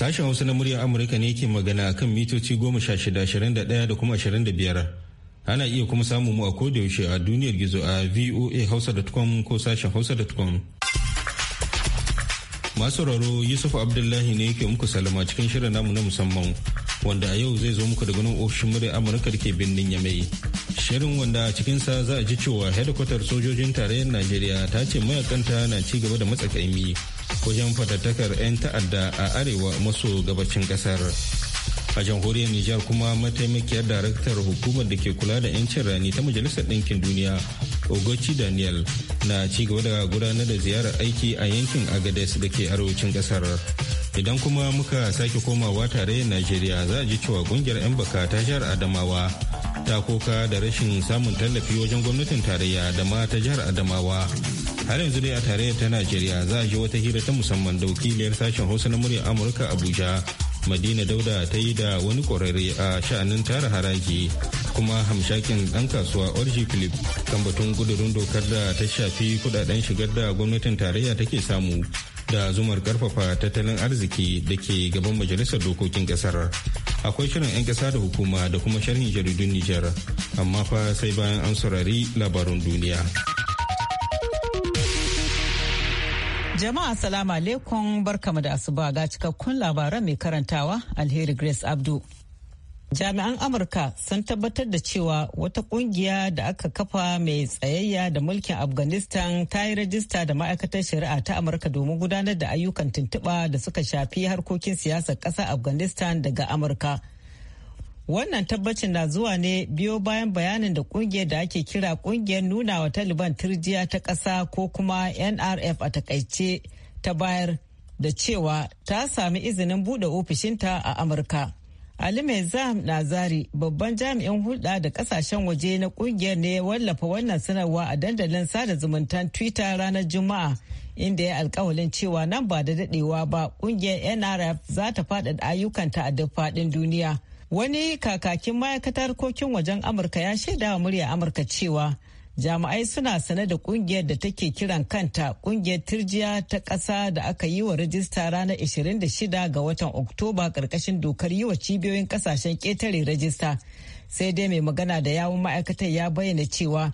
Sashen Hausa na muryar Amurka ne ke magana kan mitoci goma sha shida ashirin da ɗaya da kuma ashirin da biyar. Ana iya kuma samun mu a kodayaushe a duniyar gizo a voa hausa.com ko sashen hausa hausa.com. Masu sauraro Yusuf Abdullahi ne yake muku salama cikin shirin namu na musamman wanda a yau zai zo muku daga nan ofishin muryar Amurka da ke birnin Yamai. Shirin wanda a cikinsa za a ji cewa hedikwatar sojojin tarayyar Najeriya ta ce mayakanta na ci gaba da matsakaimi. wajen fatattakar 'yan ta'adda a arewa maso gabacin kasar a jamhuriyar nijar kuma mataimakiyar daraktar hukumar da ke kula da 'yancin rani ta majalisar ɗinkin duniya ogochi daniel na ci gaba da gudanar da ziyarar aiki a yankin agades da ke arewacin kasar idan kuma muka sake komawa tarayyar najeriya za a ji cewa kungiyar 'yan baka ta jihar adamawa ta koka da rashin samun tallafi wajen gwamnatin tarayya da ma ta jihar adamawa har yanzu dai a tarayyar ta najeriya za a ji wata hira ta musamman da wakiliyar sashen hausa na murya amurka abuja madina dauda ta yi da wani kwararre a sha'anin tara haraji kuma hamshakin ɗan kasuwa orji philip kan batun gudurin dokar da ta shafi kudaden shigar da gwamnatin tarayya take samu da zumar karfafa tattalin arziki da ke gaban majalisar dokokin kasar akwai shirin 'yan kasa da hukuma da kuma sharhin jaridun nijar amma fa sai bayan an saurari labarun duniya Jama'a salamu alaikum barkamu da asuba ga cikakkun labaran mai karantawa Alheri Grace Abdu. Jami'an Amurka sun tabbatar da cewa wata kungiya da aka kafa mai tsayayya da mulkin Afghanistan ta yi rajista da ma'aikatar shari'a ta Amurka domin gudanar da ayyukan tuntuɓa da suka shafi harkokin siyasar ƙasar Afghanistan daga Amurka. Wannan tabbacin na zuwa ne biyo bayan bayanin da kungiyar da ake kira kungiyar nuna wa Taliban turjiya ta ƙasa ko kuma NRF a takaice ta bayar da cewa ta sami izinin buɗe ofishinta a Amurka. Ali na Nazari babban jami'in hulɗa da kasashen waje na kungiyar ne ya wallafa wannan sanarwa a dandalin sada zumunta Twitter ranar Juma'a inda ya alkawalin cewa nan ba da daɗewa ba kungiyar NRF za ta faɗaɗa ayyukanta a duk faɗin duniya. Wani kakakin ma'aikatar harkokin wajen Amurka ya shaida wa murya Amurka cewa jami'ai suna sane da kungiyar da take kiran kanta kungiyar turjiya ta ƙasa da aka yi wa rajista ranar 26 ga watan Oktoba ƙarƙashin dokar yi wa cibiyoyin ƙasashen ƙetare rajista. Sai dai mai magana da yawun ma'aikatar ya bayyana cewa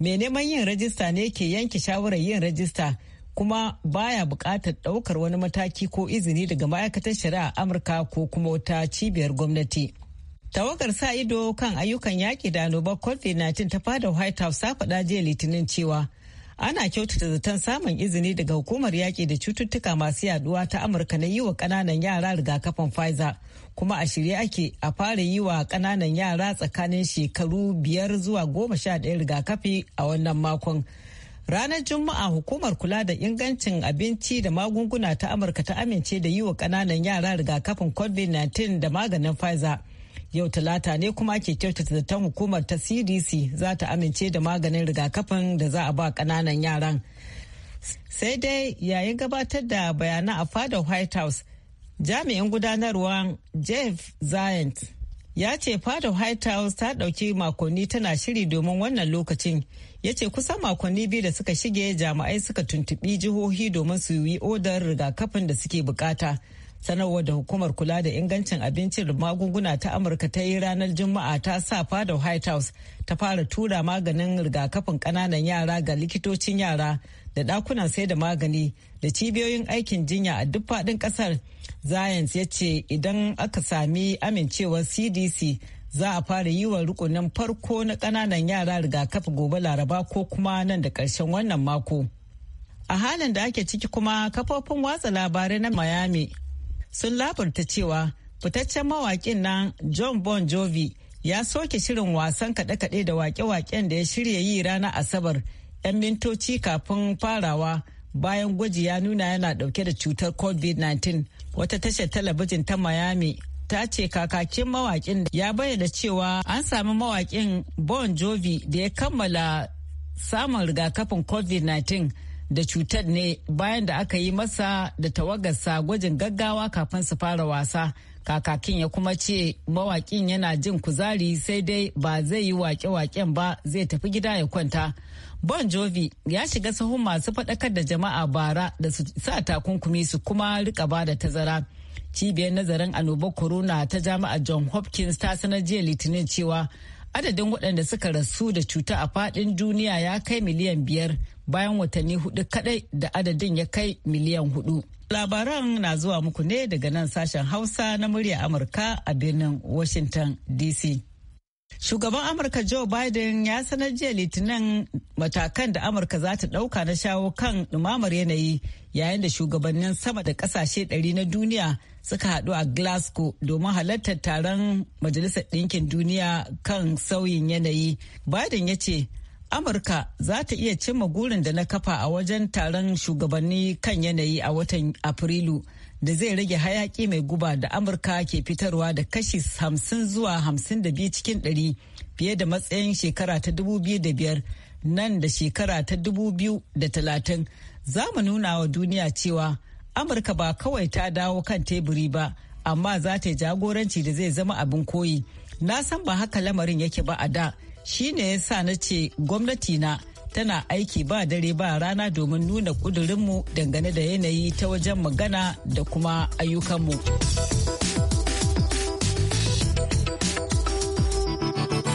mai neman yin rajista ne ke yanke shawarar yin rajista kuma baya bukatar ɗaukar wani mataki ko izini daga ma'aikatar shari'a amurka ko kuma wata cibiyar gwamnati tawagar sa ido kan ayyukan yaƙi da annobar covid-19 ta fada white house ta faɗa jiya litinin cewa ana kyautata zaton samun izini daga hukumar yaƙi da cututtuka masu yaduwa ta amurka na yi wa ƙananan yara rigakafin pfizer kuma a shirye ake a fara yi wa ƙananan yara tsakanin shekaru biyar zuwa goma sha ɗaya rigakafi a wannan makon. Ranar Juma'a hukumar kula da ingancin abinci da magunguna ta Amurka ta amince da yi wa ƙananan yara rigakafin COVID-19 da maganin Pfizer. Yau talata ne kuma ke kyautata zaton hukumar ta CDC za ta amince da maganin rigakafin da za a ba ƙananan yaran. Sai dai yayin gabatar da bayanan a fadar White House, jami'in gudanarwa Jeff Zients ya ce fadar white house ta ɗauki makonni tana shiri domin wannan lokacin ya ce kusan makonni biyu da suka shige jami'ai suka tuntubi jihohi domin su yi odar rigakafin da suke bukata sanarwar da hukumar kula da ingancin abincin da magunguna ta amurka ta yi ranar juma'a ta sa fadar white house ta fara tura maganin rigakafin ƙananan yara ga likitocin yara da ɗakunan sai da magani da cibiyoyin aikin jinya a duk faɗin ƙasar Zayens ya ce idan aka sami amincewar CDC za a fara yi wa rukunin farko na ƙananan yara rigakafi gobe laraba ko kuma nan da ƙarshen wannan mako. A halin da ake ciki kuma kafofin watsa labarai na Miami sun labarta cewa fitaccen mawaƙin nan John Bon Jovi ya soke shirin wasan kaɗe-kaɗe da waƙe-waƙen da ya shirya yi ranar Asabar 'yan mintoci kafin farawa bayan gwaji ya nuna yana ɗauke da cutar COVID-19. wata tashar talabijin ta miami ta ce kakakin mawakin ya bayyana cewa an sami mawakin bon jovi da ya kammala samun rigakafin covid-19 da cutar ne bayan da aka yi masa da tawagarsa gwajin gaggawa kafin su fara wasa kakakin ya kuma ce mawakin yana jin kuzari sai dai ba zai yi wake-waken ba zai tafi gida ya kwanta bon jovi ya shiga sahun masu faɗakar da jama'a bara da su sa takunkumi su kuma rika ba da tazara cibiyar nazarin annobar corona ta jami'ar john hopkins ta sanar jiya litinin cewa adadin waɗanda suka rasu da cuta a faɗin duniya ya kai miliyan biyar bayan watanni hudu kadai da adadin ya kai miliyan hudu. Labaran na zuwa muku ne daga nan sashen Hausa na murya Amurka a birnin Washington DC. Shugaban Amurka Joe Biden ya sanar jiya Litinin matakan da Amurka za ta ɗauka na shawo kan ɗumamar yanayi yayin da shugabannin sama da kasashe 100 na duniya suka haɗu a glasgow domin halartar taron majalisar ɗinkin duniya kan sauyin yanayi biden ya ce amurka za ta iya cimma gurin da na kafa a wajen taron shugabanni kan yanayi a watan afrilu da zai rage hayaki mai guba da amurka ke fitarwa da kashi 50 zuwa 52 cikin 100 fiye da matsayin shekara ta biyar nan da shekara ta talatin. za mu nuna wa duniya cewa amurka ba kawai ta dawo kan teburi ba amma za ta jagoranci da zai zama abin koyi na san ba haka lamarin yake ba a da shi ne ya sa na ce gwamnati na tana aiki ba dare ba rana domin nuna kudurinmu dangane da yanayi ta wajen magana da kuma ayyukanmu.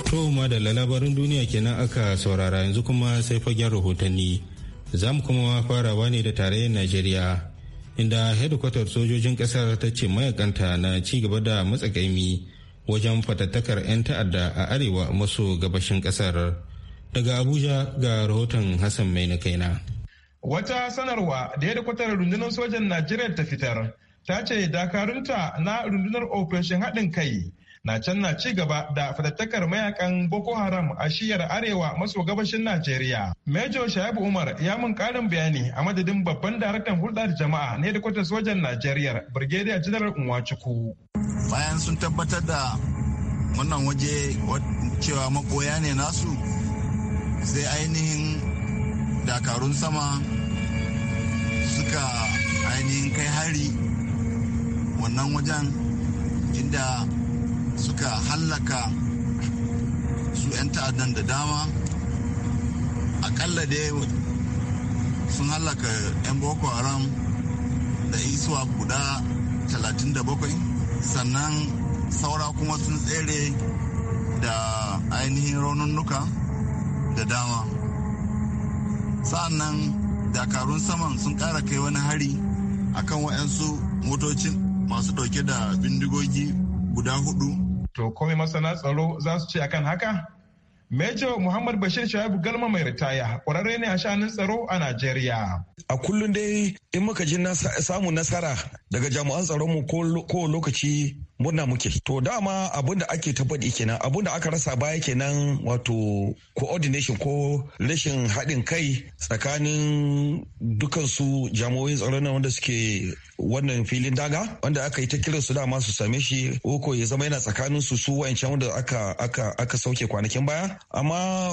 To da labarin duniya kenan aka saurara yanzu kuma sai fagen rahotanni. za mu kuma farawa ne da tarayyar najeriya inda hedikwatar sojojin kasar ta ce mayakanta na ci gaba da matsakaimi wajen fatattakar 'yan ta'adda a arewa maso gabashin kasar daga abuja ga rahoton hassan mai na kaina wata sanarwa da hedikwatar rundunar sojan najeriya ta fitar ta ce dakarunta na rundunar ofishin haɗin kai na can na ci gaba da fatattakar mayakan Boko Haram a shiyar arewa maso gabashin Najeriya. Major Shayabu Umar ya mun karin bayani a madadin babban daraktan hulɗar jama'a na hedikwatar sojan Najeriya Brigadier General Nwachukwu. Bayan sun tabbatar da wannan waje cewa makoya ne nasu sai ainihin dakarun sama suka ainihin kai hari wannan wajen inda suka hallaka su 'yan ta'addan da dama akalla dai sun hallaka 'yan boko haram da isuwa guda 37 sannan saura kuma sun tsere da ainihin raununuka da dama sa'annan dakarun saman sun kara kai wani hari akan waɗansu motocin masu ɗauke da bindigogi guda hudu To komai masana tsaro za su ce akan haka? Major Muhammad Bashir Shuaibu Galma mai ritaya ƙwararre ne a shanun tsaro a Najeriya. A kullum dai in muka ji samun nasara daga jami'an tsaronmu ko lokaci murna muke to dama abinda ake tabbadi kenan abinda aka rasa baya kenan wato coordination ko rashin haɗin kai tsakanin dukansu jami'o'in tsaron na wanda suke wannan filin daga wanda aka yi ta kiran su dama su same shi ko ya zama yana tsakanin su su wayancan wanda aka aka aka sauke kwanakin baya amma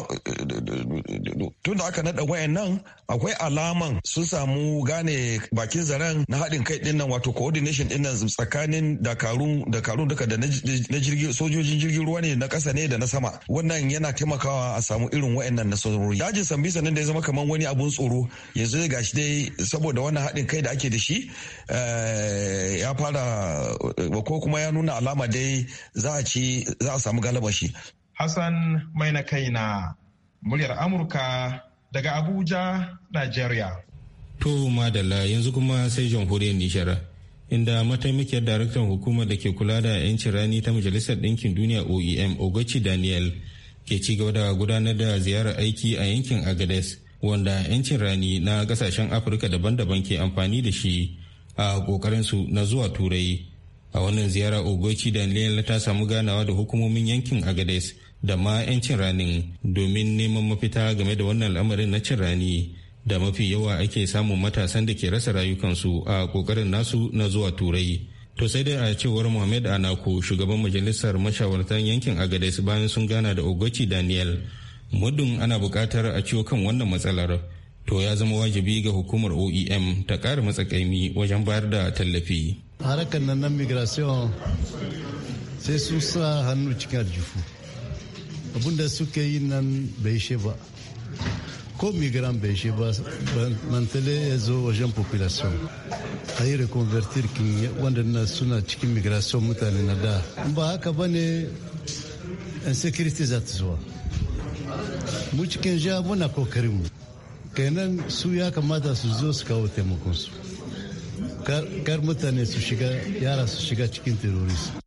tunda aka naɗa wayannan akwai alaman sun samu gane bakin zaren na haɗin kai ɗin nan wato coordination ɗin nan tsakanin dakarun da dakarun duka da na jirgin sojojin jirgin ruwa ne na kasa ne da na sama wannan yana taimakawa a samu irin waɗannan nasarori dajin sambisa nan da ya zama kamar wani abun tsoro yanzu dai gashi dai saboda wannan haɗin kai da ake da shi eh, ya fara eh, ko kuma ya nuna alama dai za a ci za a samu galaba shi hassan mai na kai na muryar amurka daga abuja nigeria to madalla yanzu kuma sai jamhuriyar nishara inda mataimakiyar daraktan hukumar da ke kula da 'yancin rani ta majalisar ɗinkin duniya oem ogochi daniel ke ci gaba da gudanar da ziyarar aiki a yankin agades wanda 'yancin rani na ƙasashen afirka daban-daban ke amfani da shi a su na zuwa turai a wannan ziyara ogochi daniel ta samu ganawa da hukumomin yankin agades da ma 'yancin ranin domin neman mafita game da wannan al'amarin na cin rani da mafi yawa ake samun matasan da ke rasa rayukansu a kokarin nasu na zuwa turai to sai dai a cewar muhammed anako shugaban majalisar mashawartan yankin agades bayan sun gana da ogochi daniel muddin ana buƙatar a ciwo kan wannan matsalar to ya zama wajibi ga hukumar oem ta ƙara matsakaimi wajen bayar da tallafi harkar nan nan migration sai su sa hannu cikin aljihu abinda suka yi nan bai ishe ba ko migrant bai shi ba ya zo wajen population a yi reconvertir kin waɗanda suna cikin migration mutane na da ba haka ba ne insecurity za ta zuwa mu cikin jiha muna kokarin mu kenan su ya kamata su zo su kawo taimakon kar mutane su shiga yara su shiga cikin terorism.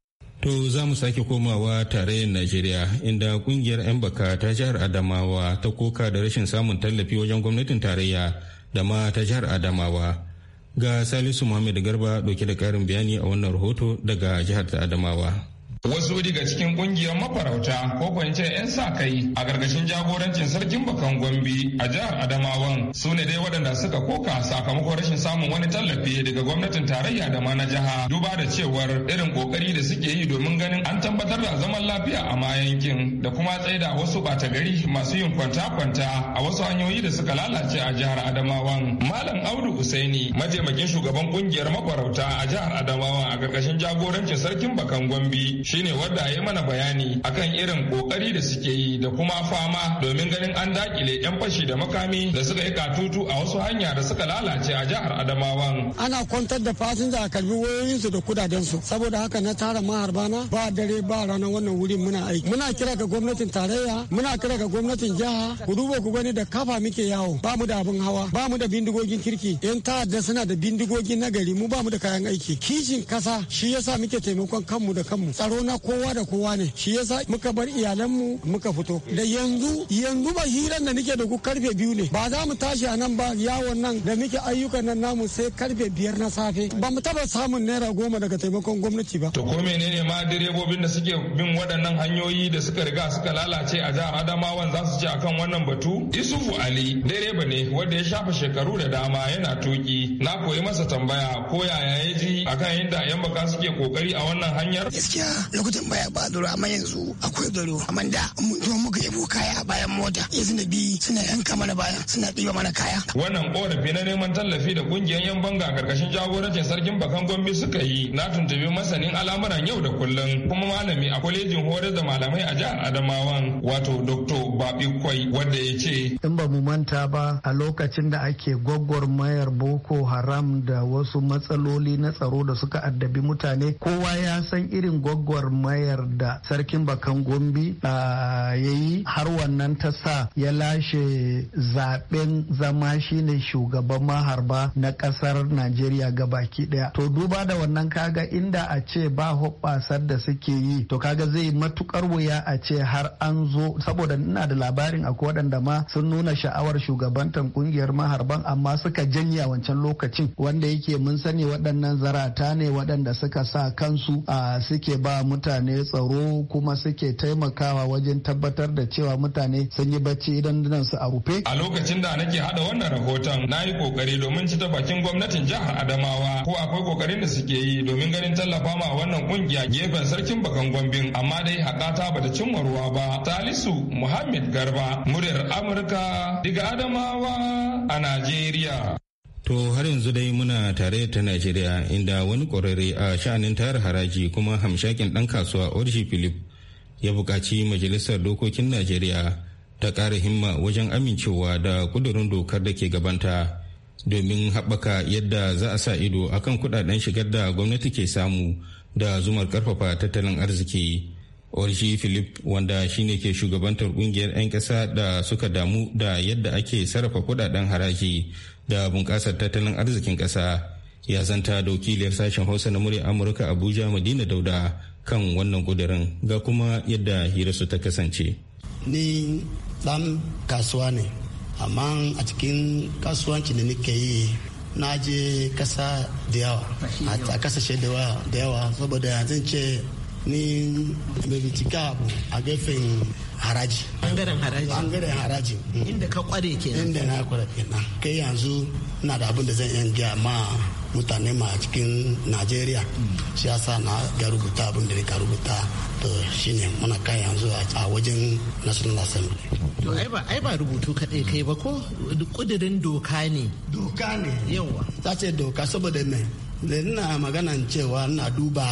To za mu sake komawa tarayyar Najeriya inda kungiyar 'yan baka ta jihar Adamawa ta koka da rashin samun tallafi wajen gwamnatin tarayya da ma ta jihar Adamawa. Ga Salisu Muhammad Garba ɗauke da ƙarin bayani a wannan rahoto daga jihar ta Adamawa. wasu daga cikin kungiyar mafarauta ko kwance 'yan sa kai a gargashin jagorancin sarkin bakan gombe a jihar adamawan su ne dai waɗanda suka koka sakamakon rashin samun wani tallafi daga gwamnatin tarayya da ma na jiha duba da cewar irin kokari da suke yi domin ganin an tabbatar da zaman lafiya a ma yankin da kuma tsaida wasu bata gari masu yin kwanta-kwanta a wasu hanyoyi da suka lalace a jihar adamawan malam audu usaini mataimakin shugaban kungiyar mafarauta a jihar adamawan a gargashin jagorancin sarkin bakan gombe shine wadda ya mana bayani akan irin kokari da suke yi da kuma fama domin ganin an dakile yan fashi da makami da suka yi katutu a wasu hanya da suka lalace a jihar Adamawan. Ana kwantar da fasinja a kalmi wayoyinsu da kudadensu saboda haka na tara maharbana ba dare ba rana wannan wurin muna aiki. Muna kira ga gwamnatin tarayya muna kira ga gwamnatin jiha ku duba ku gani da kafa muke yawo ba mu da abin hawa ba mu da bindigogin kirki yan ta'adda suna da bindigogi na gari mu ba mu da kayan aiki kishin kasa shi yasa muke taimakon kanmu da kanmu tsaro na kowa da kowa ne shi yasa muka bar iyalanmu muka fito da yanzu yanzu ba hiran da nake da ku karfe biyu ne ba za mu tashi a nan ba yawon nan da muke ayyukan nan namu sai karfe biyar na safe ba mu taba samun naira goma daga taimakon gwamnati ba. to ko menene ma direbobin da suke bin waɗannan hanyoyi da suka riga suka lalace a jihar adamawan za su ce akan wannan batu isufu ali direba ne wanda ya shafa shekaru da dama yana tuki na koyi masa tambaya ko yaya ya ji akan yadda yan baka suke kokari a wannan hanyar. gaskiya lokacin baya ba tsaro amma yanzu akwai tsaro amma da mun zo muka yabo kaya a bayan mota yanzu da bi suna yanka mana baya suna diba mana kaya. wannan korafi na neman tallafi da kungiyar yan banga karkashin jagorancin sarkin bakan gombe suka yi na tuntubi masanin al'amuran yau da kullum kuma malami a kwalejin horar da malamai a jihar adamawan wato dr babi kwai wanda ya ce. in ba mu manta ba a lokacin da ake mayar boko haram da wasu matsaloli na tsaro da suka addabi mutane kowa ya san irin gwaggwar. gwagwarmayar da sarkin bakan gombi ya yi har wannan ta sa ya lashe zaben zama shine shugaban maharba na kasar najeriya ga baki daya to duba da wannan kaga inda a ce ba hoɓasar da suke yi to kaga zai matukar wuya a ce har an zo saboda ina da labarin akwai waɗanda ma sun nuna sha'awar shugabantan kungiyar maharban amma suka janya wancan lokacin wanda yake mun sani waɗannan zarata ne waɗanda suka sa kansu a suke ba mutane tsaro kuma suke taimakawa wajen tabbatar da cewa mutane sun yi bacci idan su a rufe. A lokacin da nake hada wannan rahoton na yi kokari domin ci bakin gwamnatin jihar Adamawa ko akwai kokarin da suke yi domin ganin tallafa ma wannan kungiya gefen sarkin bakan gombin amma dai hakata bata cimma ruwa ba. Salisu Muhammad Garba muryar Amurka diga Adamawa a Najeriya. To har yanzu dai muna tare ta Najeriya inda wani ƙwararre a sha'anin tayar haraji kuma hamshakin ɗan kasuwa Orji Philip ya buƙaci Majalisar Dokokin Najeriya ta ƙara himma wajen amincewa da ƙudurin dokar da ke gabanta domin haɓaka yadda za a sa ido akan kuɗaɗen shigar da gwamnati ke samu da zumar ƙarfafa tattalin arziki. Orji Philip wanda shine ke shugabantar kungiyar 'yan ƙasa da suka damu da yadda ake sarrafa kudaden haraji da bunƙasar tattalin arzikin ƙasa ya zanta da wakiliyar sashen Hausa na murya Amurka Abuja Madina Dauda kan wannan kudirin ga kuma yadda hirarsu ta kasance. Ni dan kasuwa ne, amma a cikin kasuwanci da nake yi na je kasa da yawa, a kasashe da yawa saboda zan ce ni mai bincika abu a gefen haraji bangaren haraji bangaren haraji inda ka kware ke inda na kware ke nan kai yanzu na da abin da zan yan gaya ma mutane ma cikin najeriya shi sa na ga rubuta abin da ka rubuta to ne muna kai yanzu a wajen national assembly to ai ba ba rubutu kaɗai kai ba ko ƙudurin doka ne doka ne yawa ta ce doka saboda me da ina magana cewa na duba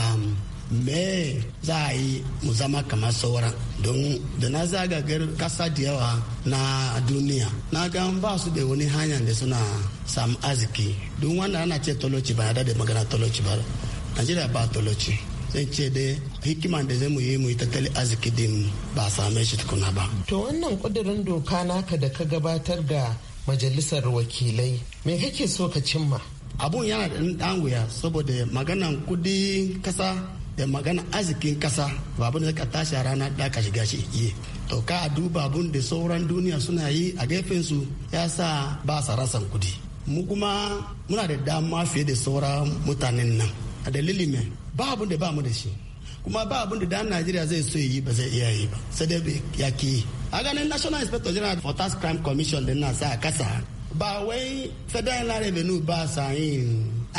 me za a yi mu zama kamar sauran don da na zagagar kasa da yawa na duniya na ga ba su da wani hanya da suna samu arziki don wanda ana ce toloci ba da magana toloci ba najeriya ba toloci zan ce da hikima da zai mu yi mu yi tattali arziki din ba same shi tukuna ba to wannan kudirin doka naka da ka gabatar da majalisar wakilai me kake so ka cimma abun yana da ɗan wuya saboda maganan kudi kasa da magana arzikin kasa babu da ka tashi a rana da ka shiga shi iye to ka a duba abin da sauran duniya suna yi a gefen su ya sa ba sa rasan kudi mu kuma muna da dama fiye da sauran mutanen nan a dalilin mai ba abin da ba mu da shi kuma ba abin da dan najeriya zai so yi ba zai iya yi ba sai dai ya ki a ganin national inspector general for tax crime commission da na sa a kasa ba wai federal revenue ba sa yin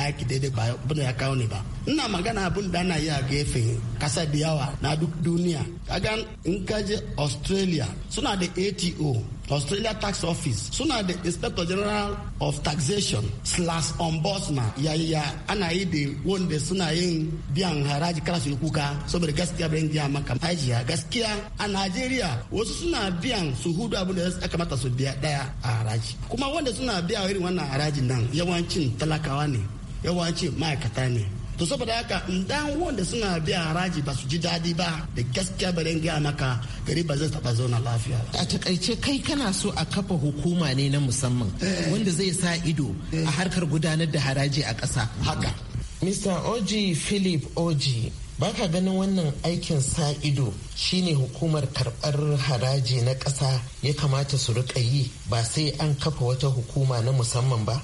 aiki daidai ba abin da ya kawo ne ba ina magana abin da ana yi a gefe kasa da yawa na duk duniya kaga in kaje australia suna da ato australia tax office suna da inspector general of taxation slash ombudsman ya ana yi da wanda suna yin biyan haraji kala su kuka saboda gaskiya bayan biya maka hajiya gaskiya a najeriya wasu suna biyan su hudu abin da ya kamata su biya daya a haraji kuma wanda suna biya irin wannan harajin nan yawancin talakawa ne yawancin ma'aikata ne to saboda haka dan wanda suna biya haraji ba su ji daɗi ba da gaskiya ba dan gaya maka gari ba zai taɓa zauna lafiya a takaice kai kana so a kafa hukuma ne na musamman eh. wanda zai sa ido a eh. harkar gudanar da haraji a ƙasa haka Mr. Oji Philip Oji baka ganin wannan aikin sa ido shine hukumar karɓar haraji na ƙasa ya kamata su riƙa yi ba sai an kafa wata hukuma na musamman ba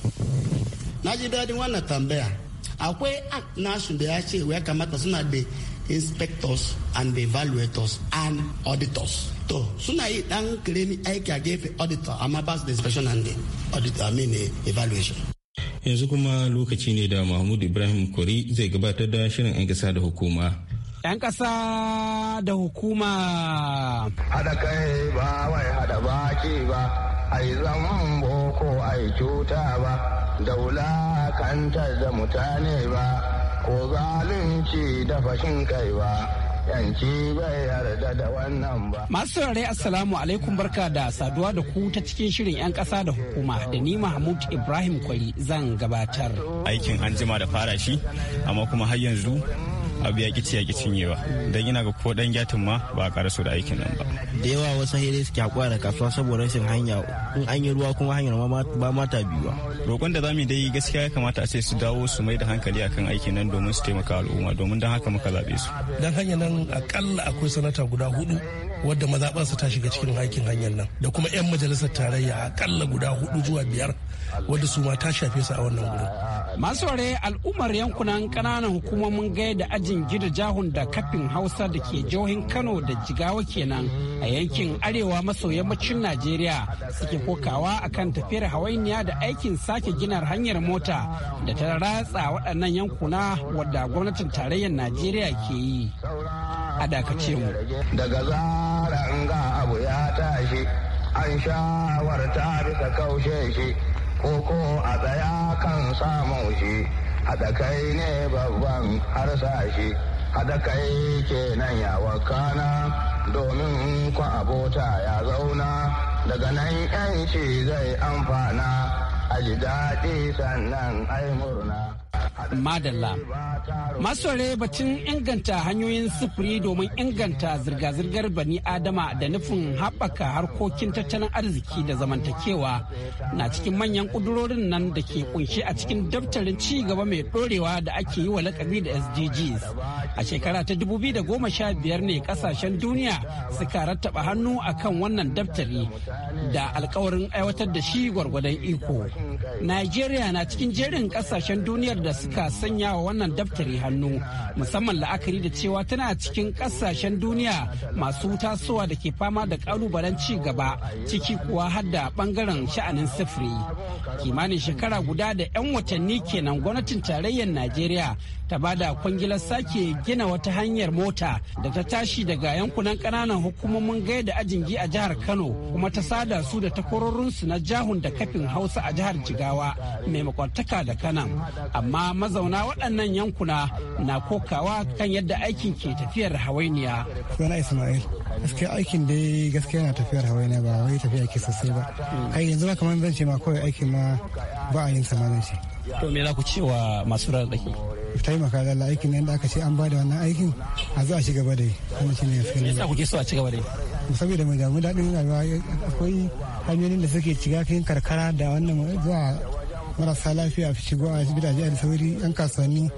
na ji daɗin wannan tambaya akwai act nasu da ya ce ya kamata suna da inspectors and evaluators and auditors to suna yi dan kiremi aiki a gefe auditor amma ba su da inspection and auditor i mean evaluation yanzu kuma lokaci ne da mahmud ibrahim kori zai gabatar da shirin 'yan kasa da hukuma 'yan kasa da hukuma. hada kai ba wai haɗa baki ba, ai zaman boko ai cuta ba. da wulakantar da mutane ba ko zalunci da fashin kai ba yanci bai yarda da wannan ba. Masu saurare Assalamu alaikum barka da saduwa da ku ta cikin shirin 'yan ƙasa da hukuma da ni Mahmud Ibrahim Kwari zan gabatar. Aikin anjima da fara shi amma kuma har yanzu abu ya kici ya ki ba don ina ga ko dan gyatin ma ba a karasu da aikin nan ba da yawa wasu hira suke hakura da kasuwa saboda rashin hanya in an yi ruwa kuma hanyar ba mata biyuwa roƙon da zamu dai gaskiya ya kamata a ce su dawo su mai da hankali akan aikin nan domin su taimaka al'umma domin dan haka muka zabe su dan hanya nan akalla akwai sanata guda hudu wadda maza mazaɓarsa ta shiga cikin aikin hanyar nan da kuma 'yan majalisar tarayya akalla guda hudu zuwa biyar wadda su ma ta shafe su a wannan gudun. masu al'ummar yankunan ƙananan hukumomin gaya da aji jin gida jahun da kafin hausa da ke jihohin kano da jigawa kenan a yankin arewa maso yammacin najeriya suke kokawa akan tafiyar hawainiya da aikin sake ginar hanyar mota da ta ratsa waɗannan yankuna wadda gwamnatin tarayyar najeriya ke yi a dakace mu daga zara abu ya tashi an shawarta bisa kaushe shi ko a tsaya kan samun shi haɗa kai ne babban harsashi haɗa kai kenan ya wakana domin ku abota ya zauna daga nan yanci zai amfana a ji daɗi sannan ai murna. Madalla. Masore batun inganta hanyoyin sufuri domin inganta zirga-zirgar bani Adama da nufin haɓaka harkokin tattalin arziki da zamantakewa na cikin manyan ƙudurorin nan da ke kunshe a cikin daftarin ci gaba mai ɗorewa da ake yi wa lakabi da SDGs. A shekara ta da goma sha biyar ne ƙasashen duniya suka rattaba hannu akan wannan daftari da alkawarin aiwatar da shi gwargwadon iko. Najeriya na cikin jerin ƙasashen duniyar da suka suka sanya wa wannan daftari hannu musamman la'akari da cewa tana cikin kasashen duniya masu tasowa da ke fama da kalubalen ci gaba ciki kuwa har da bangaren sha'anin sifiri kimanin shekara guda da 'yan watanni kenan gwamnatin tarayyar najeriya ta bada kwangilar sake gina wata hanyar mota da ta tashi daga yankunan ƙananan hukumomin da ajingi a jihar kano kuma ta sada su da takwarorinsu na jahun da kafin hausa a jihar jigawa mai makwantaka da kanan amma mazauna waɗannan yankuna na kokawa kan yadda aikin ke tafiyar hawainiya. Suna Ismail, gaskiya aikin dai gaskiya na tafiyar hawainiya ba wai tafiya ke sosai ba. Ai yanzu ba kamar zan ce ma kawai aikin ma ba a yin samanin shi. To me za ku ce wa masu rarraki? taimaka da aikin nan da aka ce an ba da wannan aikin a zuwa a ci gaba da yi wannan shi ne ya fi yasa kuke so a ci gaba da yi saboda mu damu daɗin rayuwa akwai hanyoyin da suke shiga cikin karkara da wannan zuwa marasa lafiya su shigo a asibiti a jiya da sauri yan kasuwanni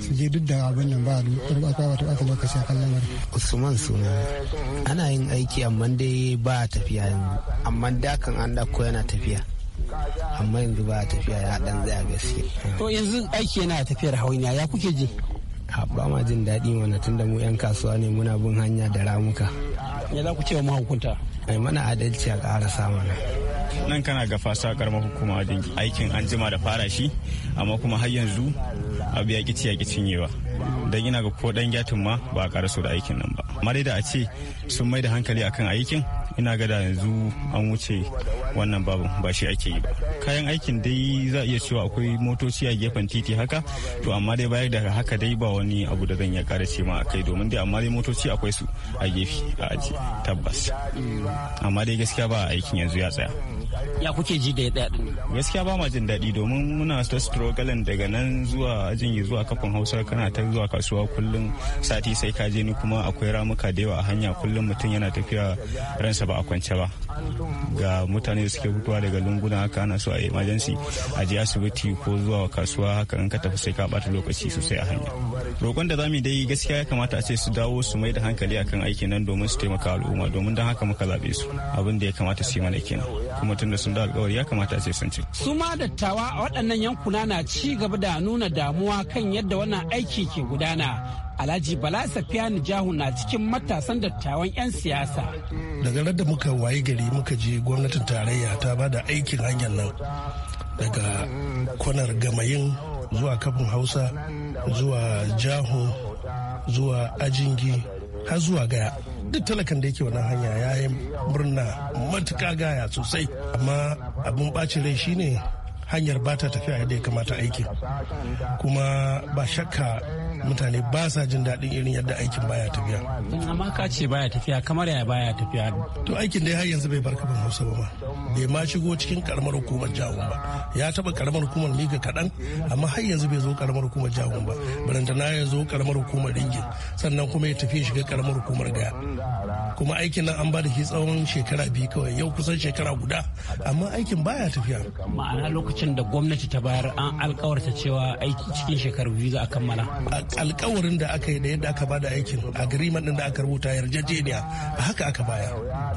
su je duk da abin nan ba a wata aka lokaci a kan lamarin. usman suna ana yin aiki amma dai ba tafiya yanzu amma dakan an dako yana tafiya amma yanzu ba tafiya ya dan a gaske. to yanzu aiki yana tafiyar hauniya ya kuke ji. ba ma jin daɗi mana tunda mu 'yan kasuwa ne muna bin hanya da ramuka. ya za ku ce wa mahukunta? Ai mana adalci a ƙara samana. nan kana ga fasa karama hukuma wajen aikin an jima da fara shi amma kuma har yanzu abu ya kici ya cinyewa don ina ga ko dan gyatin ma ba a karaso da aikin nan ba amma da a ce sun mai da hankali akan aikin ina ga da yanzu an wuce wannan babu ba shi ake yi ba kayan aikin dai za a iya cewa akwai motoci a gefen titi haka to amma dai bayar da haka dai ba wani abu da zan iya kara ce ma kai domin dai amma dai motoci akwai su a gefe a aji tabbas amma dai gaskiya ba aikin yanzu ya tsaya ya kuke ji da ya ɗaya gaskiya ba ma jin daɗi domin muna ta strogalin daga nan zuwa ajin zuwa kafin hausa kana ta zuwa kasuwa kullum sati sai ka je ni kuma akwai ramuka da yawa a hanya kullum mutum yana tafiya ransa ba a kwance ba ga mutane da suke fitowa daga lunguna haka ana so a yi emergency a je asibiti ko zuwa kasuwa haka in ka tafi sai ka bata lokaci sosai a hanya roƙon da za mu dai gaskiya ya kamata a ce su dawo su mai da hankali akan aikin nan domin su taimaka al'umma domin don haka muka zaɓe su abin da ya kamata su yi mana kenan kuma tun da sun da alkawari ya kamata ce sun ci. su ma dattawa a waɗannan yankuna na ci gaba da nuna damuwa kan yadda wannan aiki ke gudana Alhaji Bala Safiyani Jahu na cikin matasan dattawan 'yan siyasa. Daga da muka wayi gari muka je gwamnatin tarayya ta ba da aikin hanyar nan daga kwanar gamayin zuwa kafin Hausa zuwa Jahu zuwa Ajingi har zuwa Gaya. duk talakan da yake wannan hanya ya yi murna matuka gaya sosai amma abin bacin rai shine hanyar ba ta tafiya yadda ya kamata aiki kuma ba shakka mutane ba sa jin daɗin irin yadda aikin baya tafiya amma ka ce baya tafiya kamar ya baya tafiya to aikin dai har yanzu bai bar kafin hausa ba bai ma shigo cikin karamar hukumar jawon ba ya taba karamar hukumar miga kaɗan amma har yanzu bai zo karamar hukumar jawon ba barantana ya zo karamar hukumar ringin sannan kuma ya tafi shiga karamar hukumar gaya kuma aikin nan an ba da shi tsawon shekara biyu kawai yau kusan shekara guda amma aikin baya tafiya ma'ana lokacin da gwamnati ta bayar an alkawarta cewa aiki cikin shekaru biyu za a kammala alkawarin da aka yi da yadda aka ba da aikin agreement din da aka rubuta yarjejeniya a haka aka baya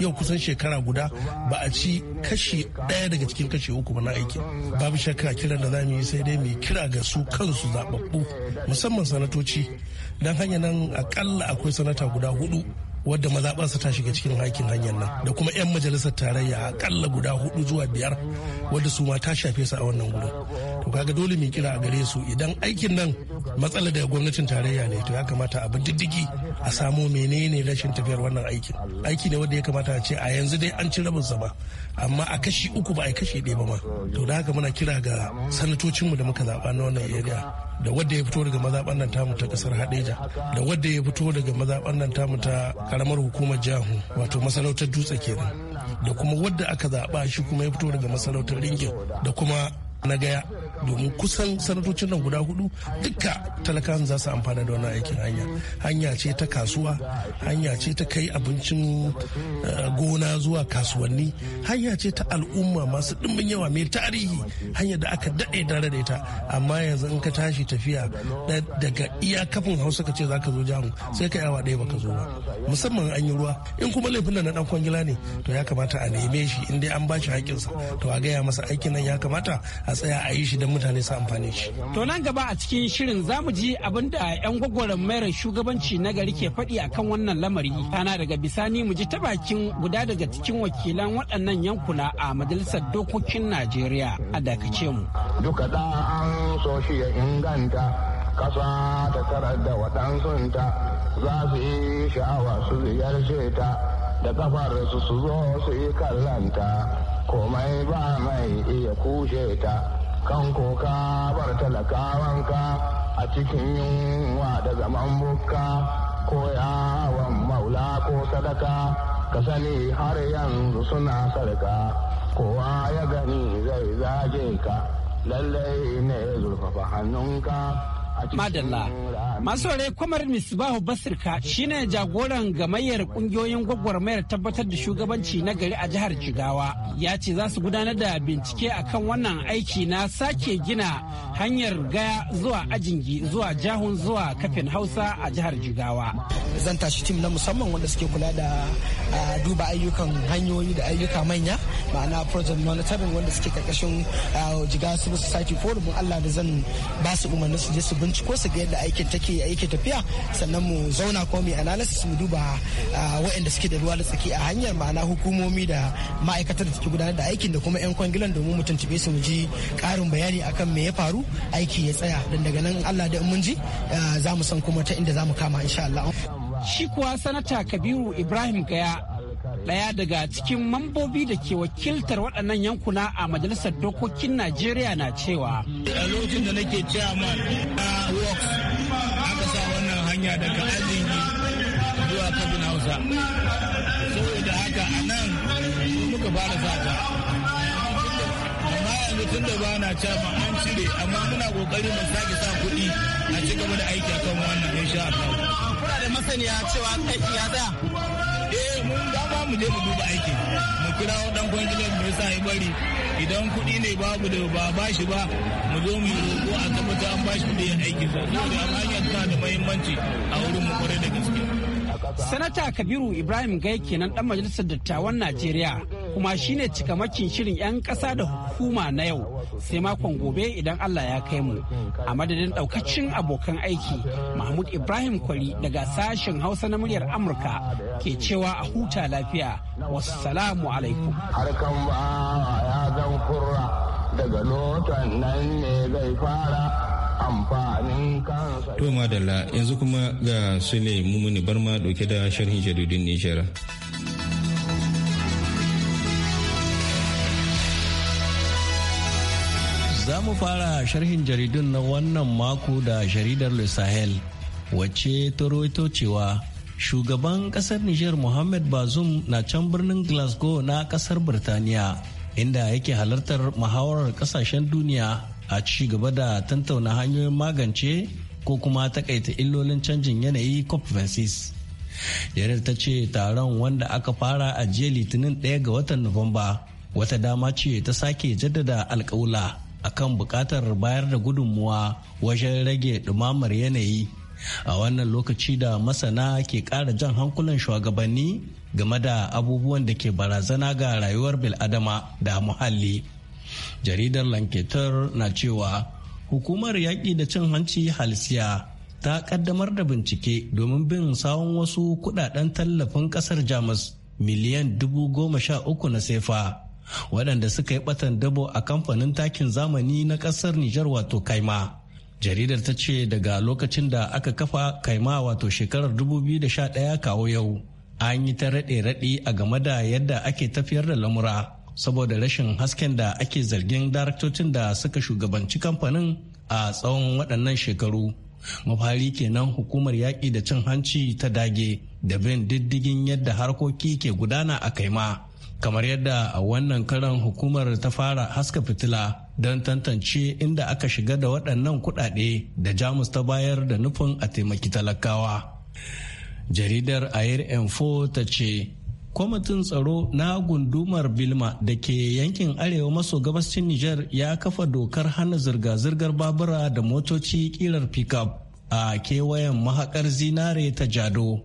yau kusan shekara guda ba a ci kashi ɗaya daga cikin kashi uku ba na aikin babu shakka kiran da za mu yi sai dai mu kira ga su kansu zababbu musamman sanatoci don hanya nan akalla akwai sanata guda hudu wadda mazaɓarsa ta shiga cikin hakin hanyar nan da kuma 'yan majalisar tarayya akalla guda hudu zuwa biyar wadda su ma ta shafe su a wannan gudun. to kaga dole mu kira a gare su idan aikin nan matsala daga gwamnatin tarayya ne to ya kamata a diddigi a samo menene rashin tafiyar wannan aikin aiki ne wanda ya kamata a ce a yanzu dai an ci rabin ba amma a kashi uku ba a kashi ɗaya ba ma to da haka muna kira ga sanatocinmu da muka zaɓa na wannan area da wadda ya fito daga mazaɓar nan tamu ta ƙasar hadeja da wadda ya fito daga mazaɓar nan tamu ta karamar hukumar jahu wato masarautar dutse kenan da kuma wadda aka zaɓa shi kuma ya fito daga masarautar ringin da kuma na gaya domin kusan sanatocin nan guda hudu duka talakan za su amfana da wannan aikin hanya hanya ce ta kasuwa hanya ce ta kai abincin eh, gona zuwa kasuwanni hanya ce ta al'umma masu dimbin yawa mai tarihi hanya da aka daɗe dare da ita amma yanzu in ka tashi tafiya daga iya kafin hausa ka ce za ka zo jamu sai ka yawa ɗaya baka zo ba musamman an yi ruwa in kuma laifin nan na ɗan kwangila ne to ya kamata a neme shi in dai an ba shi haƙƙinsa to a gaya masa aikin nan ya kamata a tsaya a yi shi da mutane su amfani shi. To nan gaba a cikin shirin za mu ji abin da 'yan gwagwarmayar shugabanci na gari ke faɗi akan wannan lamari. tana daga bisani mu ji ta bakin guda daga cikin wakilan waɗannan yankuna a majalisar dokokin Najeriya a dakace mu. Duka da an so shi ya inganta kasa ta tarar da ta za su yi sha'awa su ziyarce ta da kafar su su zo su yi kallanta komai ba mai iya kushe ta. kan koka bar talakawanka a cikin yunwa da zaman bukka ko yawon maula ko sadaka ka sani har yanzu suna sarka kowa ya gani zai zage ka lallai ne zurfafa hannunka Madalla. Masore kwamar Misbahu Basirka shine jagoran gamayyar kungiyoyin gwagwarmayar tabbatar da shugabanci na gari a jihar Jigawa. Ya ce za su gudanar da bincike akan wannan aiki na sake gina hanyar gaya zuwa ajingi zuwa jahun zuwa kafin Hausa a jihar Jigawa. Zan tashi tim na musamman wanda suke kula da duba ayyukan hanyoyi da ayyuka manya ma'ana project monitoring wanda suke karkashin Jigawa Civil Society Forum Allah da zan ba su umarni su je su binciko su ga yadda aikin take aiki tafiya sannan mu zauna ko mu analysis mu duba ah, waɗanda suke da ruwa da tsaki a hanyar ma'ana hukumomi da ma'aikatar da suke gudanar da aikin da kuma 'yan kwangilan domin mu tuntube su mu ji ƙarin bayani akan me ya faru aiki ya tsaya don daga nan Allah da mun ji ah, za mu san kuma ta inda za mu kama insha Allah. Shi kuwa sanata Kabiru Ibrahim Gaya ɗaya daga cikin mambobi da ke wakiltar waɗannan yankuna a majalisar dokokin najeriya na cewa a lokacin da nake chairman na works aka sa wannan hanya daga azingi zuwa kabin hausa saboda haka a nan muka fara sata amma yanzu tun da ba na chairman an cire amma muna kokari mu sake sa kuɗi a ci gaba da aiki akan wannan insha Allah. Kuna da masaniya cewa aiki ya tsaya? mu je mu duba aiki mu kira dan kwangilan mu yasa ya bari idan kuɗi ne babu da ba bashi ba mu zo mu yi roƙo a tabbata an shi kuɗi ya aiki sa saboda hanyar ta da muhimmanci a wurin mu kware da gaske. Sanata Kabiru Ibrahim Gai kenan dan majalisar dattawan Najeriya kuma shine cikamakin shirin 'yan ƙasa da hukuma na yau sai makon gobe idan Allah ya kai mu a madadin ɗaukacin abokan aiki Mahmud Ibrahim Kwari daga sashen Hausa na muryar Amurka ke cewa a huta lafiya wasu salamu alaikum harkan ba ya zan kurra daga nan ne zai fara amfanin kansa to madalla yanzu kuma ga Sule Mumuni Barma dauke da sharhin jaridun Nijar Za mu fara sharhin jaridun na wannan mako da jaridar Le Sahel, wacce ta roito cewa shugaban kasar Niger Mohammed Bazoum na can birnin Glasgow na kasar Birtaniya, inda yake halartar muhawarar kasashen duniya a ci gaba da tantauna hanyoyin magance ko kuma takaita illolin canjin yanayi cop 26 yanar ta ce taron wanda aka fara a jiya litinin 1 ga watan Nuwamba wata dama ce ta sake jaddada alkawula akan buƙatar bayar da gudunmuwa wajen rage ɗumamar yanayi a wannan lokaci da masana ke ƙara jan hankulan shugabanni game da abubuwan da ke barazana ga rayuwar bil'adama da muhalli jaridar lanketar na cewa hukumar yaƙi da cin hanci halsiya ta ƙaddamar da bincike domin bin sawon wasu kudaden tallafin ƙasar jamus miliyan dubu goma sha uku na sefa waɗanda suka yi ɓatan dabo a kamfanin takin zamani na ƙasar Nijar wato Kaima. Jaridar ta ce daga lokacin da aka kafa Kaima wato shekarar 2011 kawo yau an yi ta raɗe-raɗe a game da yadda ake tafiyar da lamura saboda rashin hasken da ake zargin daraktocin da suka shugabanci kamfanin a tsawon waɗannan shekaru. mafari kenan hukumar yaƙi da cin hanci ta dage da bin diddigin yadda harkoki ke gudana a kaima kamar yadda wannan karan hukumar ta fara haska fitila don tantance inda aka shiga da waɗannan kuɗaɗe da jamus ta bayar da nufin a taimaki talakawa jaridar air info ta ce kwamitin tsaro na gundumar bilma da ke yankin arewa maso gabashin niger ya kafa dokar hana zirga-zirgar babura da motoci kirar pickup a kewayen mahakar zinare ta jado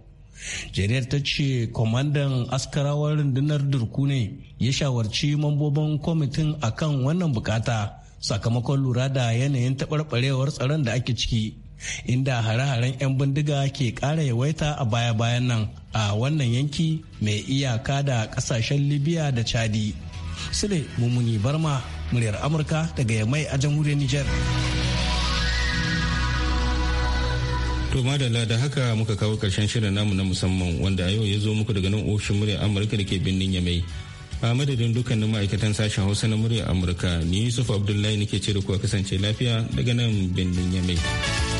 jariyar ta ce kwamandan askarawar rundunar durku ne ya shawarci mambobin kwamitin a kan wannan bukata sakamakon lura da yanayin taɓarɓarewar tsaron da ake ciki inda hare-haren 'yan bindiga ke ƙara yawaita a baya-bayan nan a wannan yanki mai iyaka da ƙasashen libya da chadi sule mummuni barma muryar amurka daga yamai a jamhuriyar niger To madalla da haka muka kawo karshen shirin namu na musamman wanda a yau ya zo muku daga nan ofishin murya Amurka da ke birnin Yamai. A madadin dukkanin ma'aikatan sashen Hausa na murya Amurka ni Yusuf Abdullahi nake ce da ku kasance lafiya daga nan birnin Yamai.